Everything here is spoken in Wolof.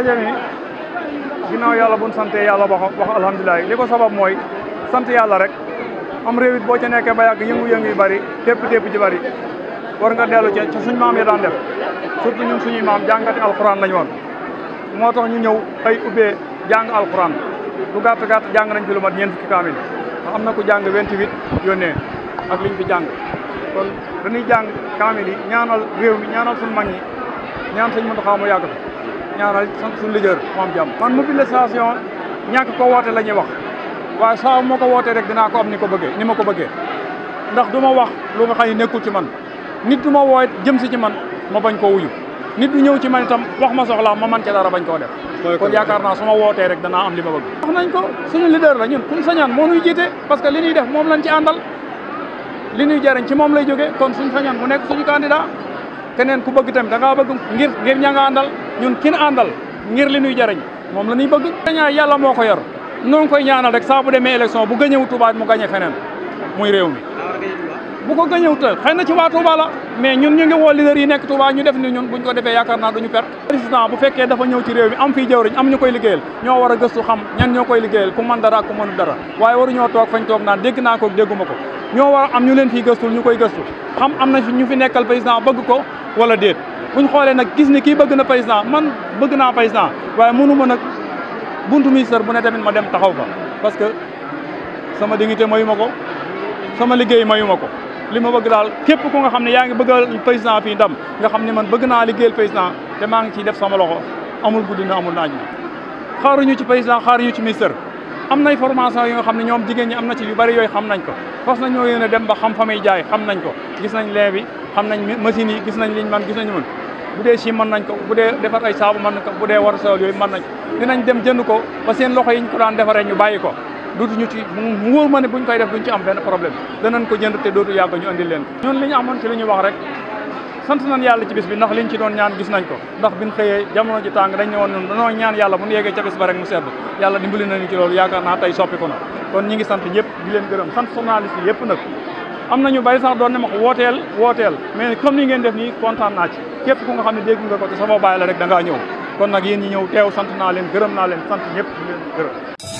ndaje mi ginnaaw yàlla buñ sante yàlla wax wax alhamdulilah li ko sabab mooy sant yàlla rek am réew boo ca nekkee ba yàgg yëngu-yëngu yu bari tépp tépp ji bari war nga dellu ci ci suñ maam yi daan def surtout ñun suñuy maam jàngati alxuraan lañ woon moo tax ñu ñëw ay ubbee jàng alxuraan lu gat gàtt jàng nañ fi lu mat ñeent fukki kaamil am na ku jàng 28 yónnee ak liñ fi jàng kon dañuy jàng kaamil yi ñaanal réew mi ñaanal suñ mag ñaan suñ Muntaxa mu yàgg ñaanal suñu leader moom jàmm man mobilisation ñàkk ko woote la ñuy wax waaye saa moo ko wootee rek dinaa ko am ni ko bëggee ni ma ko bëggee ndax du ma wax lu nga xam ne ci man nit du ma wooyit jëm si ci man ma bañ koo wuyu nit du ñëw ci man itam wax ma soxlaa ma man ca dara bañ koo def kon yaakaar naa su ma wootee rek dana am li ma bëgg wax nañ ko suñu leader la ñun sañaan moo nuy jiite parce que li ñuy def moom lañ ci àndal li ñuy jariñ ci moom lay jógee kon suñ sañaan mu nekk suñu candidat keneen ku bëgg tamit da ngaa bëgg ña nga ñun kin àndal ngir li ñuy jariñ moom la ñuy bëgg. dañaa yàlla moo ko yor noo ngi koy ñaanal rek saa bu demee élection bu gëñëwu Touba mu gañe feneen muy réew mi. bu ko gëñëwutal xëy na ci waa ñun ñu ngi woo leader yi nekk Touba ñu def ni ñun buñ ko defee yaakaar naa duñu perte. président bu fekkee dafa ñëw ci réew mi am fii jawriñ am ñu koy liggéeyal ñoo war a gëstu xam ñan ñoo koy liggéeyal ku mën dara ak ku mënu dara waaye waruñoo toog fañ toog naan dégg ñoo am ñu leen fii gëstul ñu koy gëstu xam am na ñu fi nekkal président bëgg ko wala déet bu ñu xoolee nag gis ni kii bëgg na président man bëgg naa président waaye mënu ma nag bunt ministère bu ne tamit ma dem taxaw fa parce que sama dignité mayu ma ko sama liggéey ma yu ma ko li ma bëgg daal képp ko nga xam ne yaa ngi bëggal président fii dam nga xam ne man bëgg naa liggéeyal président te maa ngi ciy def sama loxo amul guddi na amul naaj xaaruñu ci président xaaruñu ci ministère am nay formation yi nga xam ne ñoom jigéen ñi am na ci yu bari yooyu xam nañ ko fas na ñoo yéen a dem ba xam fa muy jaay xam nañ ko gis nañ lee bi xam nañ machines yi gis nañ liñ man gis nañ mën bu dee si mën nañ ko bu dee defar ay saabu mën nañ ko bu dee war sawal yooyu mën nañ dinañ dem jënd ko ba seen loxo yi ñu ko daan defaree ñu bàyyi ko dootu ñu ci mu wóor ma ne buñ koy def duñ ci am benn problème danañ ko jënd te dootu yàgg ñu andil leen ñun li ñu amoon ci li ñu wax rek sant nañ yàlla ci bis bi ndax liñ ci doon ñaan gis nañ ko ndax biñ xëyee jamono ji tàng dañ ne woon ñaan yàlla bu ñu yeggee ca bis ba mu sedd yàlla dimbali nañu ci loolu yaakaar naa tey soppi ko na kon ñi ngi sant ñëpp di leen gërëm sant journaliste yëpp nag am na ñu bari sax doon ne ma ko wooteel wooteel mais comme ni ngeen def nii kontaan naa ci képp ku nga xam ne dégg nga ko te sama baay la rek da ngaa ñëw kon nag yéen ñi ñëw teew sant naa leen gërëm naa leen sant ñëpp di leen gërëm